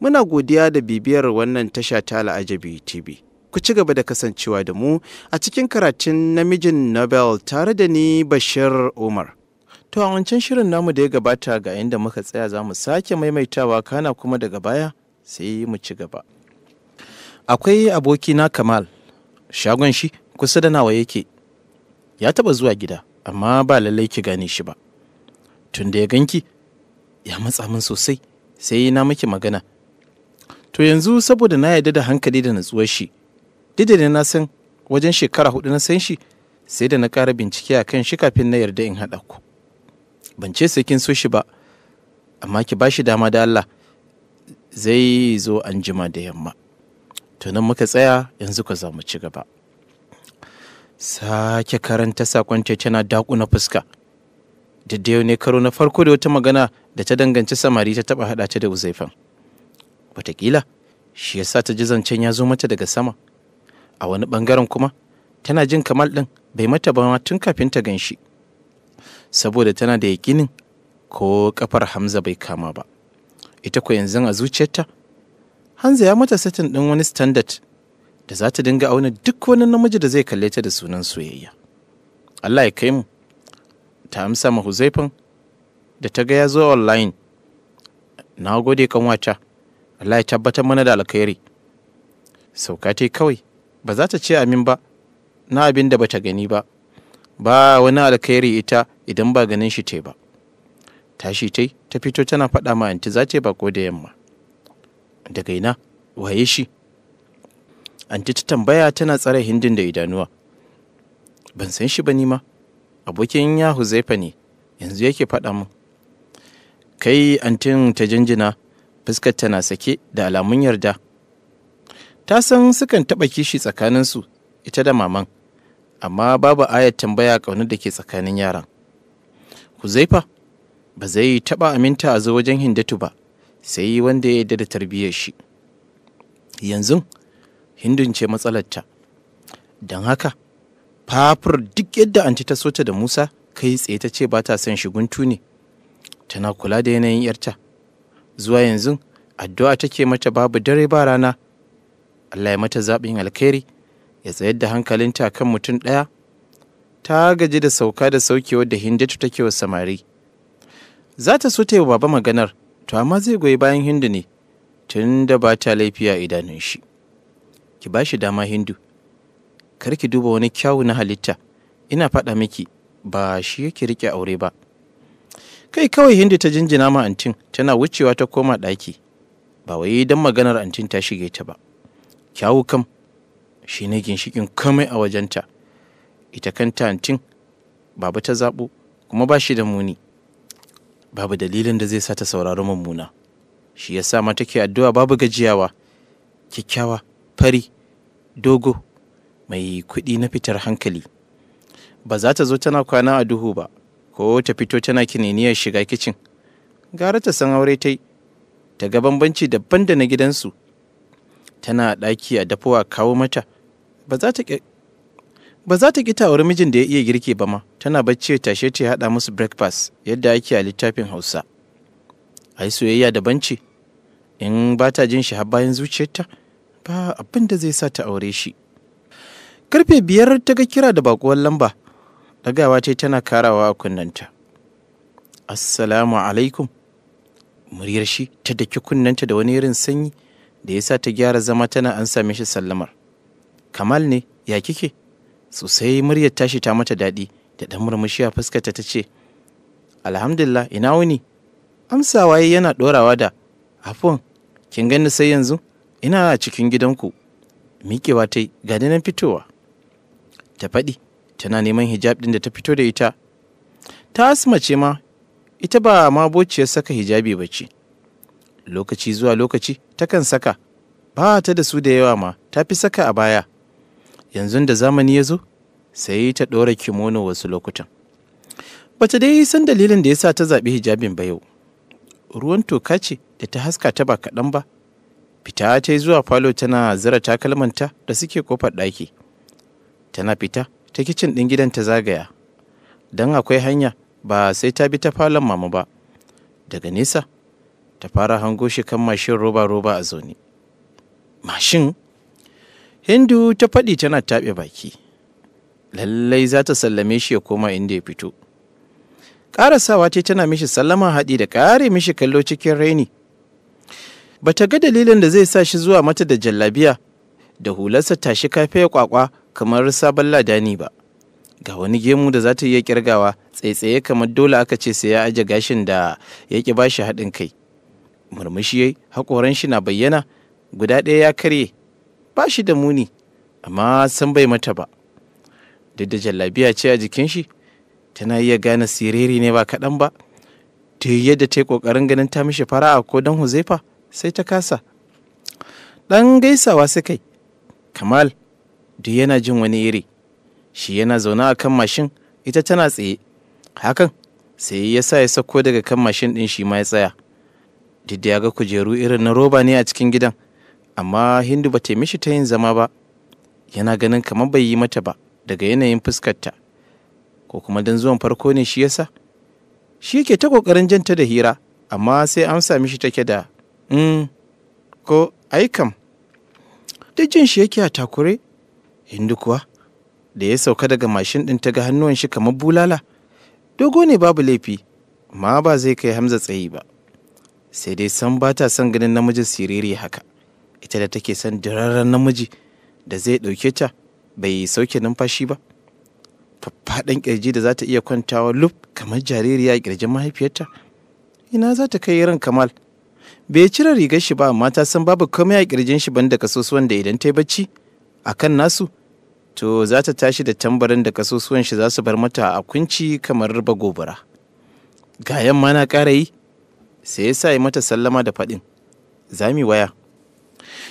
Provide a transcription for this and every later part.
Muna godiya da bibiyar wannan tasha ta Al'ajabi TV. Ku ci gaba da kasancewa da mu a cikin karatun namijin Nobel tare da ni Bashir Umar. To a wancan shirin namu da ya gabata ga inda muka tsaya za mu sake maimaitawa kana kuma daga baya sai mu ci gaba. Akwai abokina Kamal, shagon shi kusa da nawa yake. Ya taba zuwa gida, amma ba lallai ki gane shi ba. Tun da ya ganki, ya matsa min sosai, sai na miki magana. to yanzu saboda na yarda da hankali da natsuwar shi duk da na san wajen shekara hudu na san shi sai da na ƙara bincike a kan shi kafin na yarda in haɗa ku ban ce sai kin so shi ba amma ki bashi dama da Allah zai zo an jima da yamma to nan muka tsaya yanzu ka za mu ci gaba sake karanta sakon tana na fuska da ne karo na farko da wata magana da ta danganci samari ta taɓa hada ta da uzaifan Wataƙila, shi ya sa ta ji zancen ya zo mata daga sama. A wani bangaren kuma, tana jin kamal ɗin bai mata ba tun kafin ta gan Saboda tana da yakinin ko ƙafar Hamza bai kama ba. Ita ko yanzu a zuciyarta, Hamza ya mata satin ɗin wani standard da za ta dinga auna duk wani namiji da zai kalle ta da sunan soyayya. Allah ya kai mu, ta amsa mahuzaifin da ta ga ya zo online. Na gode kan wata. Allah ya tabbatar mana da alkhairi sauka te kawai ba za ta ce amin ba na abin da bata gani ba ba wani alkhairi ita idan ba ganin shi te ba tashi tai ta fito tana faɗa ma anti za ta bako da yamma daga ina waye shi anti ta tambaya tana tsare hindin da idanuwa ban san shi ba ni ma abokin ya huzaifa ne yanzu yake faɗa min kai antin ta jinjina fuskar tana sake da alamun yarda ta san sukan taɓa kishi tsakaninsu ita da maman amma babu ayar tambaya ƙaunar da ke tsakanin yaran huzaifa ba zai yi taɓa aminta a zo wajen hindatu ba sai wanda ya yarda da tarbiyyar shi yanzu hindun ce matsalarta don haka fafur duk yadda anti ta sota da musa kai tsaye ta ce ba ta son shi guntu ne tana kula da yanayin yarta zuwa yanzu addu'a take mata babu dare ba rana Allah ya mata zaɓin alkhairi ya tsayar da hankalinta kan mutum ɗaya ta gaji da sauka da saukewar da hindu take wa samari za ta so ta yi wa baba maganar to amma zai goyi bayan hindu ne tun da ba ta laifiya idanun shi ki ba shi dama hindu kar ki duba wani kyawu na halitta ina faɗa miki ba shi yake rike aure ba kai kawai hindi ta jinjina ma antin tana wucewa ta koma ɗaki ba wai don maganar antin ta shige ta ba kyawu kam shi ne ginshikin komai a wajenta ita kanta antin babu ta zaɓo kuma ba shi da muni babu dalilin da zai sa ta saurari mummuna shi ya sa mata ke addu'a babu gajiyawa kyakkyawa fari dogo mai kuɗi na fitar hankali ba za ta zo tana kwana a duhu ba ko ta fito tana kininiyar shiga kicin gara ta san aure ta yi ta ga bambanci daban da na gidansu tana ɗaki a dafuwa kawo mata ba za ta ƙi ta mijin da ya iya girki ba ma tana bacci tashe ta haɗa musu breakfast yadda ake a littafin hausa ai soyayya da banci in ba ta jin shi har bayan zuciyarta ba abin da zai sa ta aure shi karfe biyar ta ga kira da bakuwar lamba ɗagawa ce tana karawa a kunnanta assalamu alaikum muryar shi ta daki kunnanta da wani irin sanyi da ya sa ta gyara zama tana an same shi sallamar kamal ne ya kike sosai muryar tashi ta mata daɗi da ɗan murmushi a fuskarta ta ce alhamdulillah ina wuni amsawa yana ɗorawa da afon kin gani sai yanzu ina cikin gidanku miƙewa ta yi ga fitowa ta faɗi tana neman hijab ɗin da ta fito da ita ta asma ce ma ita ba ma bociyar saka hijabi ba ce lokaci zuwa lokaci takan saka ba ta da su da yawa ma ta fi saka a baya yanzu da zamani ya zo sai ta ɗora kimono wasu lokutan bata dai san dalilin da ya sa ta zaɓi hijabin ba yau ruwan toka ce da ta haska ta ba kaɗan ba fita ta yi zuwa falo tana zira takalmanta da suke kofar ɗaki tana fita ta kicin ɗin gidan ta zagaya don akwai hanya ba sai ta bi ta falon mamu ba daga nesa ta fara hango shi kan mashin roba-roba a zaune mashin hindu ta faɗi tana taɓe baki lallai za ta sallame shi ya koma inda ya fito ƙarasawa ce tana mishi sallama haɗi da ƙare mishi kallo cikin raini ba ta ga dalilin da zai sa shi zuwa mata da jallabiya da hularsa tashi kafe ya kwakwa kamar sabon ladani ba ga wani gemu da za ta iya kirgawa tsaitsaye kamar dole aka ce sai ya aje gashin da ya ki bashi haɗin kai murmushi yayi hakoran shi na bayyana guda ɗaya ya karye ba shi da muni amma san bai mata ba duk da jallabiya ce a jikin shi tana iya gane siriri ne ba kaɗan ba ta yadda ta yi ƙoƙarin ganin ta mishi fara'a ko don huzaifa sai ta kasa ɗan gaisawa sai kai. kamal duk yana jin wani iri shi yana zaune a kan mashin ita tana tsaye hakan sai ya sa ya sauko daga kan mashin ɗin shi ma ya tsaya duk da ya ga kujeru irin na roba ne a cikin gidan amma hindu ba ta mishi ta yin zama ba yana ganin kamar bai yi mata ba daga yanayin fuskarta ko kuma don zuwan farko ne shi yasa shi yake ta kokarin janta da hira amma sai amsa mishi take da mm ko ai da jin shi yake a takure hindu kuwa da ya sauka daga mashin ɗin ta ga hannuwan shi kamar bulala dogo ne babu laifi ma ba zai kai hamza tsayi ba sai dai san ba ta son ganin namijin siriri haka ita da take son dirarren namiji da zai ɗauke ta bai yi sauke numfashi ba faffaɗan ƙirji da za ta iya kwantawa luf kamar jaririya a ƙirjin mahaifiyarta ina za ta kai irin kamal bai cire rigar shi ba mata san babu komai a kirjin shi banda kasusuwan da idan ta yi bacci a kan nasu to za ta tashi da tambarin da kasusuwan shi za su bar mata a kunci kamar raba gobara ga yamma na ƙara yi sai ya sa mata sallama da faɗin za mu waya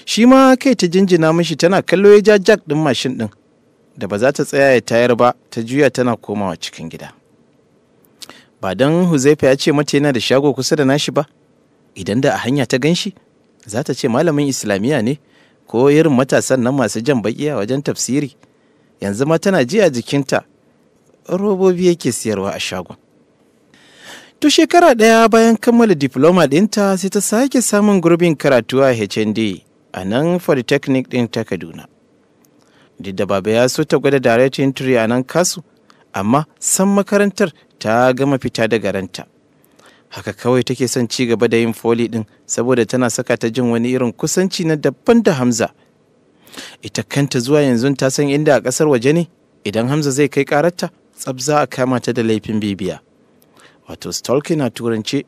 shi ma kai ta jinjina mishi tana kallo ya ja jack ɗin mashin ɗin da ba za ta tsaya ya tayar ba ta juya tana komawa cikin gida ba don huzaifa ya ce mata yana da shago kusa da nashi ba idan da a hanya ta ganshi za ta ce malamin islamiyya ne ko irin matasan nan masu jan baƙiya a wajen tafsiri yanzu ma tana ji a jikinta robobi yake siyarwa a shagon To shekara ɗaya bayan kammala diploma ɗinta sai ta sake samun gurbin karatu a HND a nan Polytechnic ɗin ta Kaduna. Duk da baba ya so ta gwada direct entry a nan kasu, amma san makarantar ta gama fita daga ranta. haka kawai take son ci gaba da yin foli din saboda tana saka ta jin wani irin kusanci na daban da hamza ita kanta zuwa yanzu ta san inda a ƙasar waje ne idan hamza zai kai ƙararta tsabza a kama ta da laifin bibiya wato stalking a turance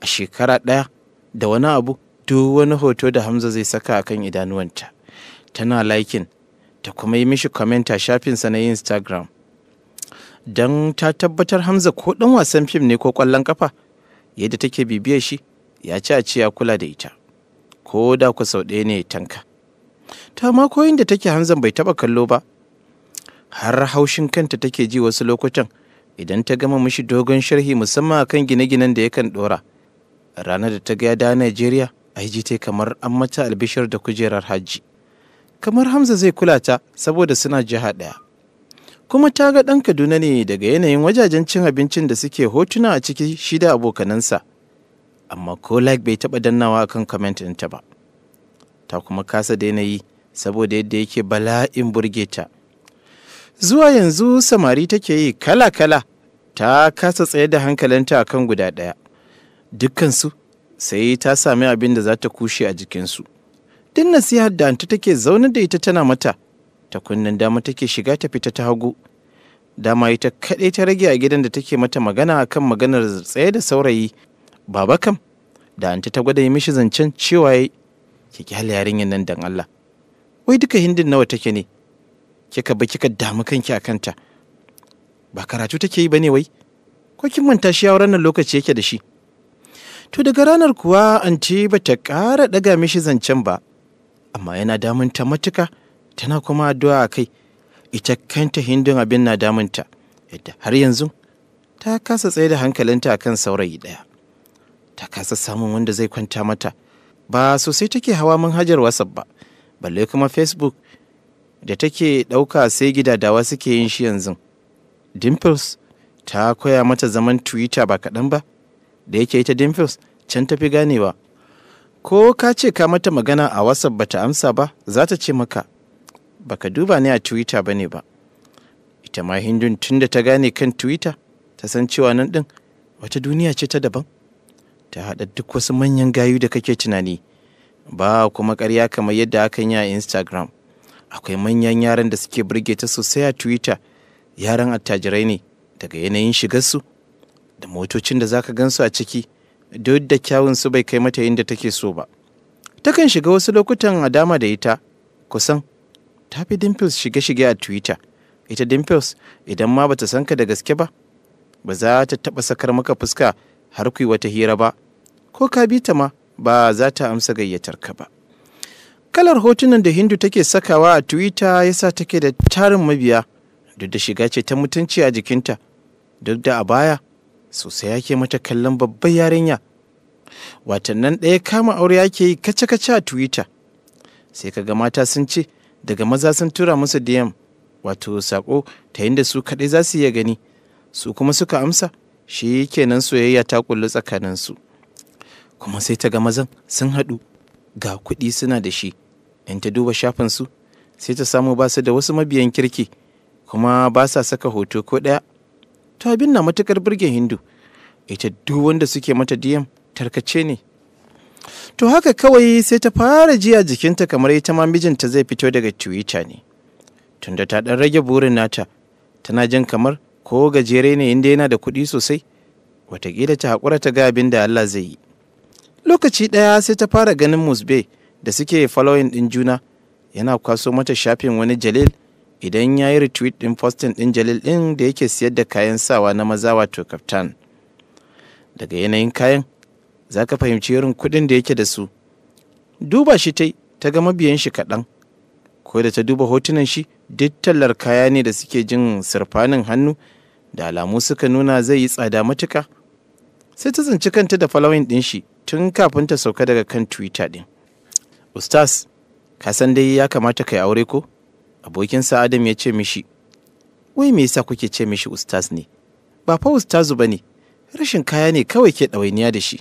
a shekara ɗaya da wani abu duk wani hoto da hamza zai saka a kan idanuwanta tana laikin ta kuma yi mishi kwamenta shafinsa na instagram don ta tabbatar hamza ko ɗan wasan fim ne ko ƙwallon kafa yadda take bibiyar shi ya ci a ce ya kula da ita ko da ku sau ɗaya ne tanka ta ma koyin da take hanzan bai taɓa kallo ba har haushin kanta take ji wasu lokutan idan ta gama mishi dogon sharhi musamman akan gine-ginen da yakan ɗora ranar da ta ga da Najeriya ai ji ta kamar an mata albishir da kujerar hajji kamar Hamza zai kula ta saboda suna jiha ɗaya kuma ta ga ɗan kaduna ne daga yanayin wajajen cin abincin da suke hotuna a ciki shida abokanansa amma ko like bai taɓa dannawa kan comment ɗinta ba ta kuma kasa da yi saboda yadda yake bala'in burge ta zuwa yanzu samari take yi kala-kala ta kasa tsaye da hankalinta akan guda ɗaya dukkansu sai ta sami abin da za ta kushe a jikinsu duk nasihar da ta take zaune da ita tana mata ta kunnen dama take shiga ta fita ta hagu dama ita kaɗai ta rage a gidan da take mata magana akan maganar tsaye da saurayi baba kam da anta ta gwada mishi zancen cewa ya ki kyale yarinyar nan dan Allah wai duka hindin nawa take ne kika ba kika damu kanki a kanta ba karatu take yi bane wai ko kin manta shi auren nan lokaci yake da shi to daga ranar kuwa anti ba ta ƙara daga mishi zancen ba amma yana damunta matuka tana kuma addu'a a kai ita kanta hindun abin na damunta yadda har yanzu ta kasa tsaye da hankalinta a kan saurayi ɗaya ta kasa samun wanda zai kwanta mata ba sosai take hawa manhajar whatsapp ba balle kuma facebook da take ɗauka sai gidadawa suke yin shi yanzu dimples ta koya mata zaman twitter ba kaɗan ba da yake ita dimples can tafi ganewa ko ka ce ka mata magana a whatsapp bata amsa ba za ta ce maka baka duba ni a twitter ba ne ba ita ma hindun tun da ta gane kan twitter ta san cewa nan ɗin wata duniya ce ta daban ta haɗa duk wasu manyan gayu da kake tunani ba kuma ƙarya kamar yadda aka yi a instagram akwai manyan yaran da suke burge ta sosai a twitter yaran attajirai ne daga yanayin shigar su. da motocin da zaka gansu a ciki duk da kyawun su bai kai mata inda take so ba takan shiga wasu lokutan a dama da ita kusan ta fi Dimples shige-shige a Twitter. Ita Dimples idan ma bata san ka da gaske ba, ba za ta taba sakar maka fuska har ku wata hira ba, ko ka bi ta ma ba za ta amsa gayyatar ka ba. Kalar hotunan da Hindu take sakawa a Twitter ya sa take da tarin mabiya duk da shiga ce ta mutunci a jikinta, duk da a baya sosai yake mata kallon babbar yarinya. Watannan ɗaya kama aure yake yi kace-kace a Twitter. Sai kaga mata sun ce, daga maza sun tura musu dm wato sako ta yadda su kaɗai za su iya gani su kuma suka amsa shi kenan soyayya ta kullu su. kuma sai ta ga mazan sun haɗu ga kuɗi suna da shi in ta duba shafin su. sai ta samu basu da wasu mabiyan kirki kuma ba sa saka hoto ko ɗaya to abin na matukar birgin hindu ita duk wanda suke mata diyam tarkace ne To haka kawai sai ta fara jiya jikinta kamar ita ma mijinta zai fito daga Twitter ne. Tunda ta ɗan rage burin nata, tana jin kamar ko gajere ne inda yana da kuɗi sosai, wataƙila ta haƙura ta ga abin da Allah zai yi. Lokaci ɗaya sai ta fara ganin Musbe da suke following ɗin juna, yana kwaso mata shafin wani Jalil idan ya yi retweet ɗin fostin ɗin Jalil ɗin da yake siyar da kayan sawa na maza wato kaftan. Daga yanayin kayan, za ka fahimci irin kuɗin da yake da su duba shi ta ta ga mabiyan shi kaɗan ko da ta duba hotunan shi duk tallar kaya ne da suke jin sirfanin hannu da alamu suka nuna zai yi tsada matuka sai ta tsinci kanta da following din shi tun kafin ta sauka daga kan twitter ɗin ustas ka san dai ya kamata ka yi aure ko abokinsa adam ya ce mishi wai me yasa kuke ce mishi ustas ne ba fa ustazu ba ne rashin kaya ne kawai ke ɗawainiya da shi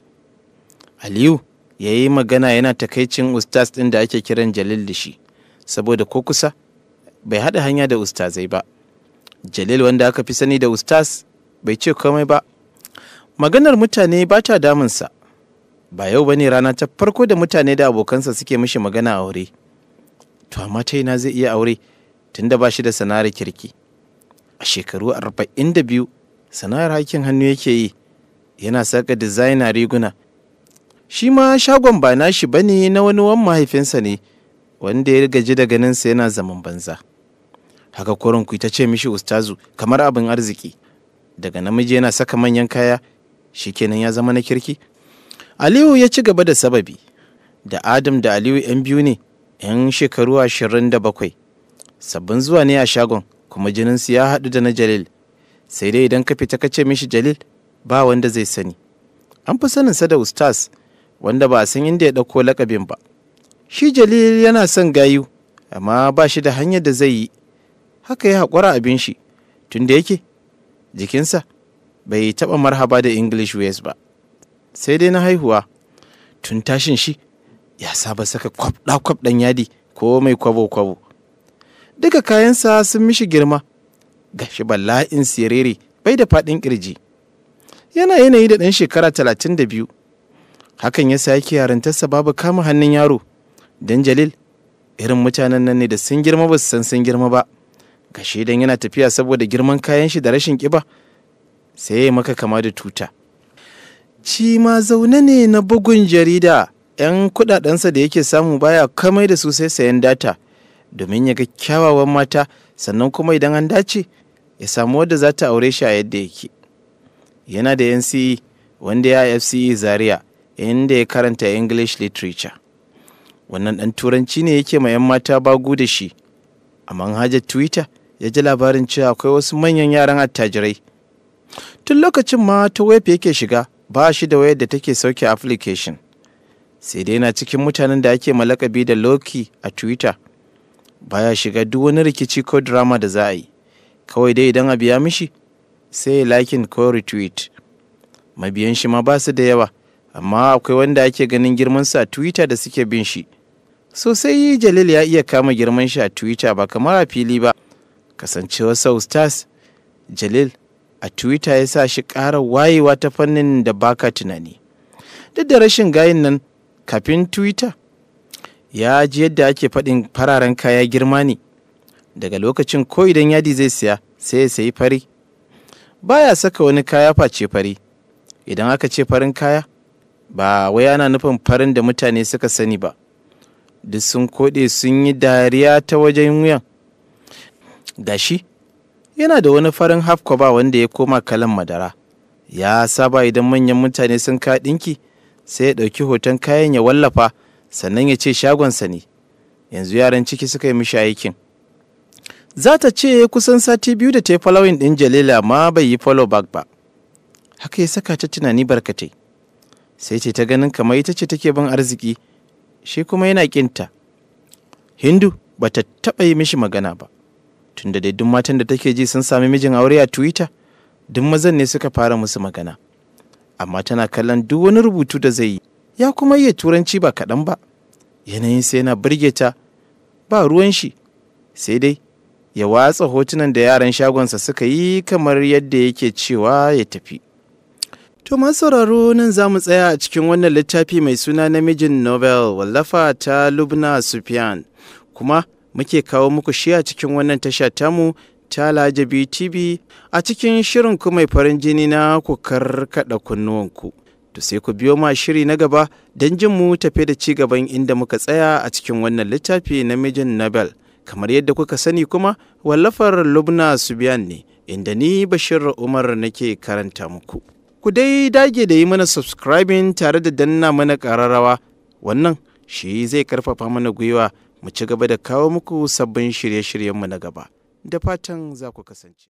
aliyu ya yi magana yana takaicin ustaz ɗin da ake kiran jalil da shi saboda ko kusa bai haɗa hanya da ustazai ba jalil wanda aka fi sani da ustaz bai ce komai ba maganar mutane ba ta damunsa ba yau ba ne rana ta farko da mutane da abokansa suke mishi magana aure to amma ta ina zai iya aure tunda ba shi da sana'ar kirki a shekaru arba'in da biyu sana'ar hakin hannu yake yi yana saka dizaina riguna shi ma shagon ba nashi ba ne na wani wan mahaifinsa ne wanda ya gaji da sa yana zaman banza haka kurin ku ta ce mishi ustazu kamar abin arziki daga namiji yana saka manyan kaya shikenan ya zama na kirki aliyu ya ci gaba da sababi da adam da aliyu yan biyu ne yan shekaru ashirin da bakwai sabbin zuwa ne a shagon kuma jininsu ya haɗu da na jalil sai dai idan ka fita ka ce mishi jalil ba wanda zai sani an fi saninsa da ustaz wanda ba a san inda ya ɗauko lakabin ba shi jalil yana son gayu amma ba shi da hanyar da zai yi haka ya haƙura abin shi tun da yake jikinsa bai taɓa marhaba da english ways ba sai dai na haihuwa tun tashin shi ya saba saka kwab kwab ɗan yadi ko mai kwabo-kwabo duka kayansa sun mishi girma ga shi bala'in sirere bai da faɗin ƙirji yana yanayi da ɗan shekara talatin da biyu hakan ya yake yarintarsa babu kama hannun yaro don jalil irin mutanen nan ne da sun girma ba su san sun girma ba gashe don yana tafiya saboda girman kayan shi da rashin kiba sai ya maka kama da tuta ci ma zaune ne na bugun jarida 'yan kudadensa da yake samu baya kamai da su sai sayan data domin ya ga kyawawan mata sannan kuma idan an dace ya samu wadda za ta aure shi a yadda yake yana da yan e, wanda ya fce zaria inda ya karanta english literature wannan ɗan turanci ne yake ma 'yan mata bagu da shi a manhajar twitter ya ji labarin cewa akwai wasu manyan yaran attajirai tun lokacin ma ta web yake shiga ba shi da wayar da take sauke application sai dai yana cikin mutanen da ake malakabi da loki a twitter baya shiga duk wani rikici ko drama da za a yi kawai dai idan a biya mishi sai ya lakin ko retweet mabiyan shi ma ba su da yawa amma akwai wanda ake ganin girman a twitter da suke bin shi sosai jalil ya iya kama girman shi a twitter ba kamar a fili ba kasancewar sau stars jalil a twitter ya sa shi ƙara wayewa ta fannin da baka tunani duk da rashin gayin nan kafin twitter ya ji yadda ake faɗin fararen kaya girma ne daga lokacin ko idan yadi zai siya sai ya sayi fari baya saka wani kaya face fari idan aka ce farin kaya ba wai ana nufin farin da mutane suka sani ba duk sun koɗe sun yi dariya ta wajen wuyan gashi yana da wani farin hafkwaba wanda ya koma kalan madara ya saba idan manyan mutane sun ka ɗinki sai ya ɗauki hoton kayan ya wallafa sannan ya ce shagonsa ne yanzu yaran ciki suka yi mishi aikin za ta ce kusan sati biyu da ta yi following ɗin jalila ma bai yi follow back ba haka ya saka ta tunani barkatai sai ce ta ganin kamar ita ce take bin arziki shi kuma yana kinta hindu ba ta taɓa yi mishi magana ba tunda dai duk matan da take ji sun sami mijin aure a twitter duk mazan ne suka fara musu magana amma tana kallon duk wani rubutu da zai yi ya kuma iya turanci ba kaɗan ba yanayin sai yana birge ta ba ruwan shi sai dai ya watsa hotunan da yaran shagonsa suka yi kamar yadda yake cewa ya tafi To sauraro nan za mu tsaya a cikin wannan littafi mai suna namijin Nobel wallafa ta Lubna Sufyan. Kuma muke kawo muku shi a cikin wannan tasha tamu ta Lajabi TV a cikin shirin ku mai farin jini na ku karkada kunnuwanku. To sai ku biyo ma shiri na gaba don jin mu tafe da ci gaban inda muka tsaya a cikin wannan littafi namijin Nobel. Kamar yadda kuka sani kuma wallafar Lubna Sufyan ne inda ni Bashir Umar nake karanta muku. ku dai dage da yi mana subscribing tare da danna mana ƙararrawa wannan shi zai karfafa mana gwiwa mu ci gaba da kawo muku sabbin shirye-shiryenmu na gaba da fatan za ku kasance